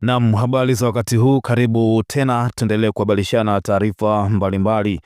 Nam, habari za wakati huu, karibu tena, tuendelee kuhabarishana taarifa mbalimbali.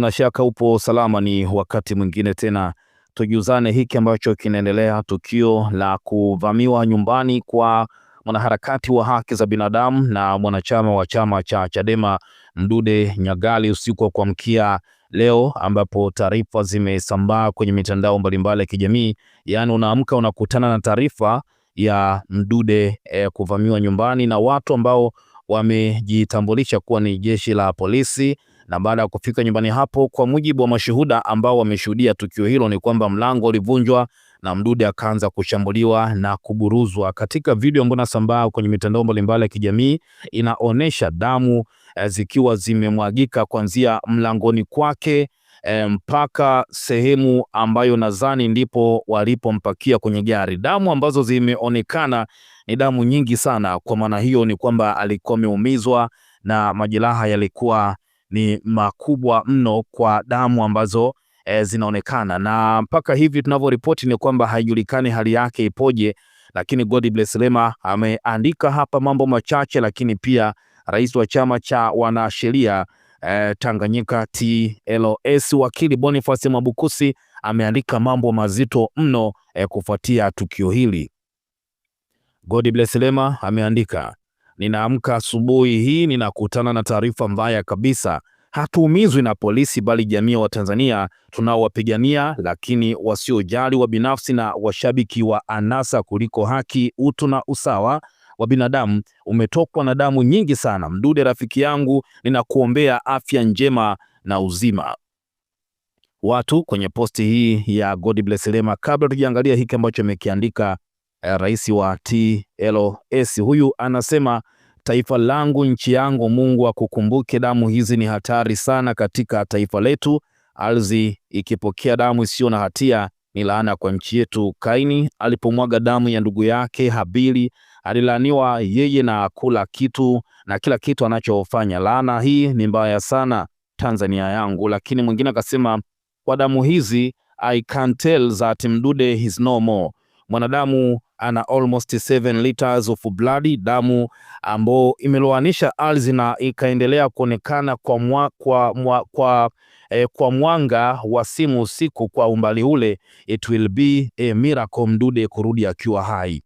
na shaka upo salama, ni wakati mwingine tena tujuzane hiki ambacho kinaendelea, tukio la kuvamiwa nyumbani kwa mwanaharakati wa haki za binadamu na mwanachama wa chama cha Chadema Mdude Nyagali usiku wa kuamkia leo, ambapo taarifa zimesambaa kwenye mitandao mbalimbali ya kijamii. Yaani unaamka unakutana na taarifa ya Mdude e, kuvamiwa nyumbani na watu ambao wamejitambulisha kuwa ni jeshi la polisi. Na baada ya kufika nyumbani hapo, kwa mujibu wa mashuhuda ambao wameshuhudia tukio hilo, ni kwamba mlango ulivunjwa na Mdude akaanza kushambuliwa na kuburuzwa. Katika video ambayo inasambaa kwenye mitandao mbalimbali ya kijamii, inaonesha damu e, zikiwa zimemwagika kuanzia mlangoni kwake Eh, mpaka sehemu ambayo nadhani ndipo walipompakia kwenye gari. Damu ambazo zimeonekana ni damu nyingi sana, kwa maana hiyo ni kwamba alikuwa ameumizwa na majeraha yalikuwa ni makubwa mno kwa damu ambazo e, zinaonekana na mpaka hivi tunavyoripoti ni kwamba haijulikani hali yake ipoje, lakini God bless Lema ameandika hapa mambo machache, lakini pia rais wa chama cha wanasheria eh, Tanganyika TLS. Wakili Boniface Mwabukusi ameandika mambo mazito mno eh, kufuatia tukio hili. God bless Lema ameandika ninaamka asubuhi hii ninakutana na taarifa mbaya kabisa. Hatuumizwi na polisi, bali jamii wa tanzania tunaowapigania, lakini wasiojali wa binafsi na washabiki wa anasa kuliko haki, utu na usawa wa binadamu umetokwa na damu nyingi sana. Mdude rafiki yangu, ninakuombea afya njema na uzima. Watu kwenye posti hii ya God Bless Lema, kabla tujaangalia hiki ambacho amekiandika eh, rais wa TLS huyu anasema Taifa langu, nchi yangu, Mungu akukumbuke. Damu hizi ni hatari sana katika taifa letu. Ardhi ikipokea damu isiyo na hatia ni laana kwa nchi yetu. Kaini alipomwaga damu ya ndugu yake Habili alilaniwa yeye na kula kitu na kila kitu anachofanya. Laana hii ni mbaya sana Tanzania yangu. Lakini mwingine akasema kwa damu hizi I can tell that Mdude is no more. Mwanadamu ana almost 7 liters of blood, damu ambayo imeloanisha ardhi na ikaendelea kuonekana kwa, mwa, kwa, mwa, kwa, eh, kwa mwanga wa simu usiku kwa umbali ule. It will be a miracle Mdude kurudi akiwa hai.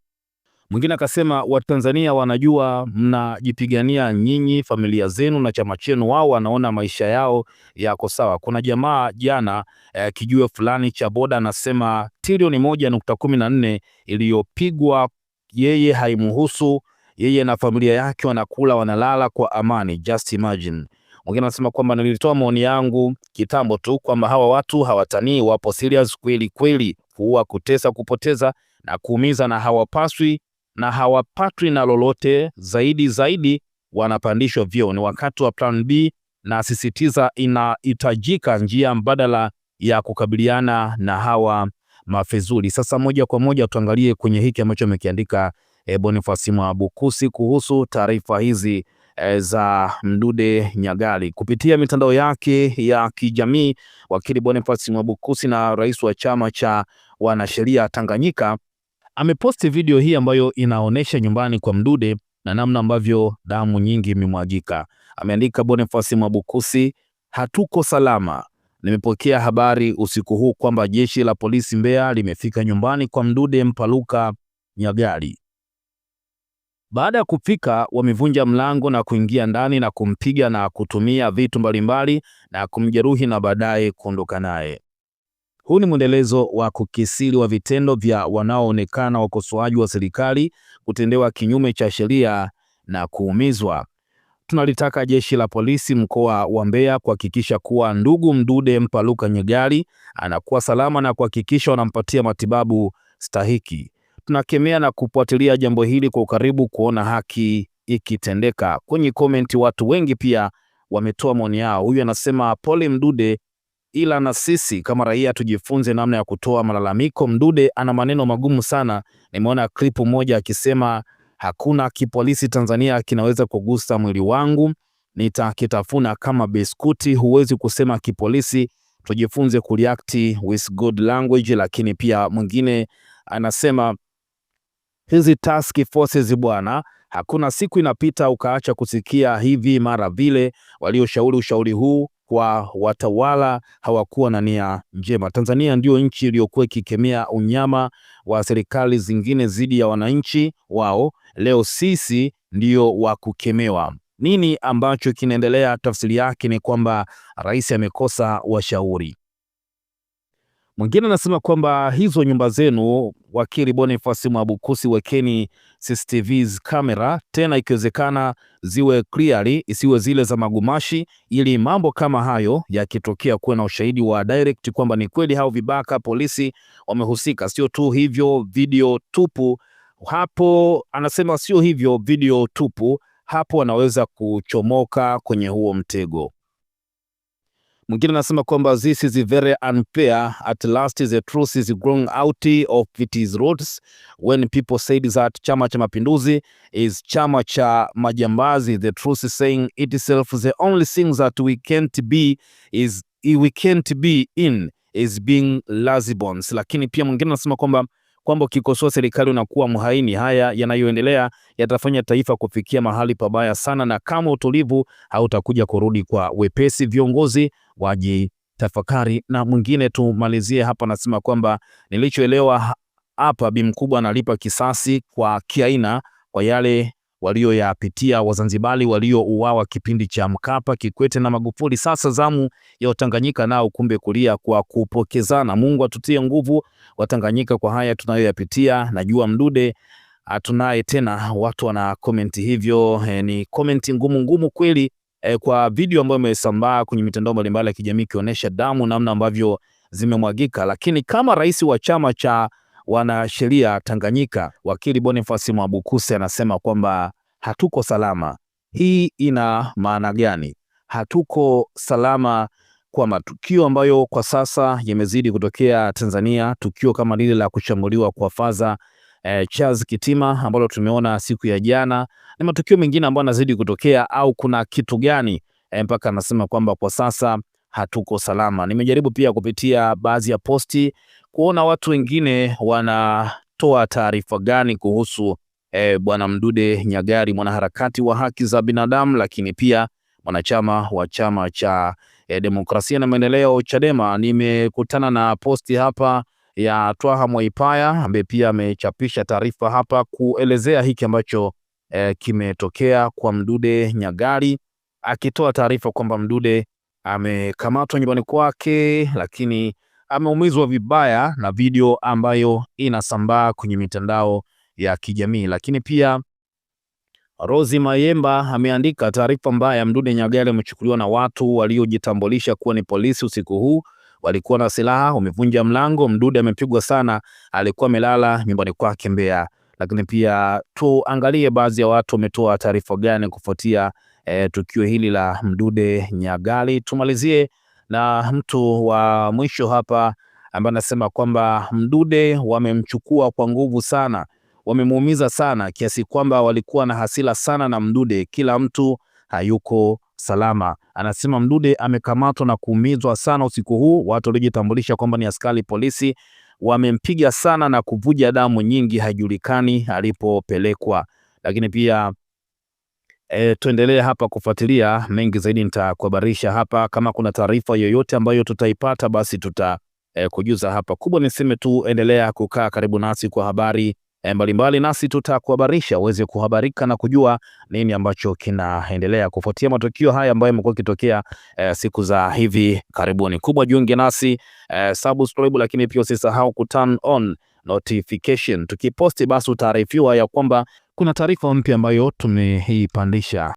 Mwingine akasema Watanzania wanajua mnajipigania nyinyi, familia zenu na chama chenu, wao wanaona maisha yao yako sawa. Kuna jamaa jana eh, kijue fulani cha boda anasema trilioni moja nukta kumi na nne iliyopigwa yeye haimuhusu yeye na familia yake wanakula wanalala kwa amani, just imagine. Mwingine anasema kwamba nilitoa maoni yangu kitambo tu kwamba hawa watu hawatanii, wapo serious kweli kweli, kuua, kutesa, kupoteza na kuumiza, na hawapaswi na hawapatwi na lolote zaidi zaidi, wanapandishwa vyeo. Ni wakati wa plan B, na sisitiza inahitajika njia mbadala ya kukabiliana na hawa mafezuli. Sasa moja kwa moja tuangalie kwenye hiki ambacho amekiandika e, Boniface Mwabukusi kuhusu taarifa hizi e, za Mdude Nyagali kupitia mitandao yake ya kijamii. Wakili Boniface Mwabukusi na rais wa chama cha wanasheria Tanganyika ameposti video hii ambayo inaonyesha nyumbani kwa Mdude na namna ambavyo damu nyingi imemwagika. Ameandika Boniface Mwabukusi, hatuko salama. Nimepokea habari usiku huu kwamba jeshi la polisi Mbeya limefika nyumbani kwa Mdude Mpaluka Nyagali. Baada ya kufika, wamevunja mlango na kuingia ndani na kumpiga na kutumia vitu mbalimbali na kumjeruhi na baadaye kuondoka naye. Huu ni mwendelezo wa kukisiri wa vitendo vya wanaoonekana wakosoaji wa serikali kutendewa kinyume cha sheria na kuumizwa. Tunalitaka jeshi la polisi mkoa wa Mbeya kuhakikisha kuwa ndugu Mdude Mpaluka Nyegali anakuwa salama na kuhakikisha wanampatia matibabu stahiki. Tunakemea na kufuatilia jambo hili kwa ukaribu kuona haki ikitendeka. Kwenye komenti watu wengi pia wametoa maoni yao. Huyu anasema pole Mdude ila na sisi kama raia tujifunze namna ya kutoa malalamiko. Mdude ana maneno magumu sana. Nimeona klipu moja akisema hakuna kipolisi Tanzania kinaweza kugusa mwili wangu, nitakitafuna kama biskuti. Huwezi kusema kipolisi. Tujifunze kureact with good language. Lakini pia mwingine anasema hizi task forces bwana hakuna siku inapita ukaacha kusikia hivi mara vile. Walioshauri ushauri huu kwa watawala hawakuwa na nia njema. Tanzania ndiyo nchi iliyokuwa ikikemea unyama wa serikali zingine dhidi ya wananchi wao. Leo sisi ndiyo wa kukemewa. Nini ambacho kinaendelea? Tafsiri yake ni kwamba rais amekosa washauri. Mwingine anasema kwamba hizo nyumba zenu, wakili Boniface Mwabukusi, wekeni CCTVs kamera, tena ikiwezekana ziwe clearly, isiwe zile za magumashi, ili mambo kama hayo yakitokea kuwe na ushahidi wa direct kwamba ni kweli hao vibaka polisi wamehusika, sio tu hivyo video tupu. Hapo anasema sio hivyo video tupu, hapo anaweza kuchomoka kwenye huo mtego. Mwingine anasema kwamba this is very unfair at last the truth is growing out of its roots when people said that Chama cha Mapinduzi is chama cha majambazi the truth is saying itself the only thing that we can't be is we can't be in is being lazy bones. Lakini pia mwingine anasema kwamba kwamba ukikosoa serikali unakuwa mhaini. Haya yanayoendelea yatafanya taifa kufikia mahali pabaya sana, na kama utulivu hautakuja kurudi kwa wepesi, viongozi wajitafakari. Na mwingine tumalizie hapa, nasema kwamba nilichoelewa hapa, bi mkubwa analipa kisasi kwa kiaina kwa yale walioyapitia Wazanzibari waliouawa kipindi cha Mkapa, Kikwete na Magufuli. Sasa zamu ya Watanganyika nao kumbe kulia kwa kupokezana. Mungu atutie nguvu Watanganyika kwa haya tunayoyapitia. Najua Mdude hatunaye tena, watu wana komenti hivyo. E, ni komenti ngumu ngumu kweli e, kwa video ambayo imesambaa kwenye mitandao mbalimbali ya kijamii ikionyesha damu namna ambavyo zimemwagika. Lakini kama rais wa chama cha wanasheria Tanganyika, wakili Boniface Mwabukusi anasema kwamba hatuko salama. Hii ina maana gani? Hatuko salama kwa matukio ambayo kwa sasa yamezidi kutokea Tanzania, tukio kama lile la kushambuliwa kwa faza eh, Charles Kitima ambalo tumeona siku ya jana na matukio mengine ambayo yanazidi kutokea, au kuna kitu gani eh, mpaka anasema kwamba kwa sasa hatuko salama. Nimejaribu pia kupitia baadhi ya posti kuona watu wengine wanatoa taarifa gani kuhusu eh, bwana Mdude Nyagari, mwanaharakati wa haki za binadamu, lakini pia mwanachama wa chama cha eh, demokrasia na maendeleo Chadema. Nimekutana na posti hapa ya Twaha Mwaipaya ambaye pia amechapisha taarifa hapa kuelezea hiki ambacho e, kimetokea kwa Mdude Nyagali, akitoa taarifa kwamba Mdude amekamatwa nyumbani kwake, lakini ameumizwa vibaya na video ambayo inasambaa kwenye mitandao ya kijamii. Lakini pia Rozi Mayemba ameandika taarifa mbaya, Mdude Nyagali amechukuliwa na watu waliojitambulisha kuwa ni polisi usiku huu walikuwa na silaha wamevunja mlango. Mdude amepigwa sana, alikuwa amelala nyumbani kwake Mbeya. Lakini pia tuangalie baadhi ya watu wametoa taarifa gani kufuatia e, tukio hili la Mdude Nyagali. Tumalizie na mtu wa mwisho hapa ambaye anasema kwamba Mdude wamemchukua kwa nguvu sana, wamemuumiza sana kiasi kwamba walikuwa na hasira sana na Mdude, kila mtu hayuko salama. Anasema Mdude amekamatwa na kuumizwa sana usiku huu. Watu waliojitambulisha kwamba ni askari polisi wamempiga sana na kuvuja damu nyingi, haijulikani alipopelekwa. Lakini pia e, tuendelee hapa kufuatilia mengi zaidi, nitakuhabarisha hapa kama kuna taarifa yoyote ambayo tutaipata, basi tuta e, kujuza hapa. Kubwa niseme tu, endelea kukaa karibu nasi kwa habari mbalimbali, eh, nasi tutakuhabarisha uweze kuhabarika na kujua nini ambacho kinaendelea kufuatia matukio haya ambayo yamekuwa kitokea e, eh, siku za hivi karibuni. Kubwa jiunge nasi e, subscribe, lakini pia usisahau ku turn on notification. Tukiposti basi utaarifiwa ya kwamba kuna taarifa mpya ambayo tumeipandisha.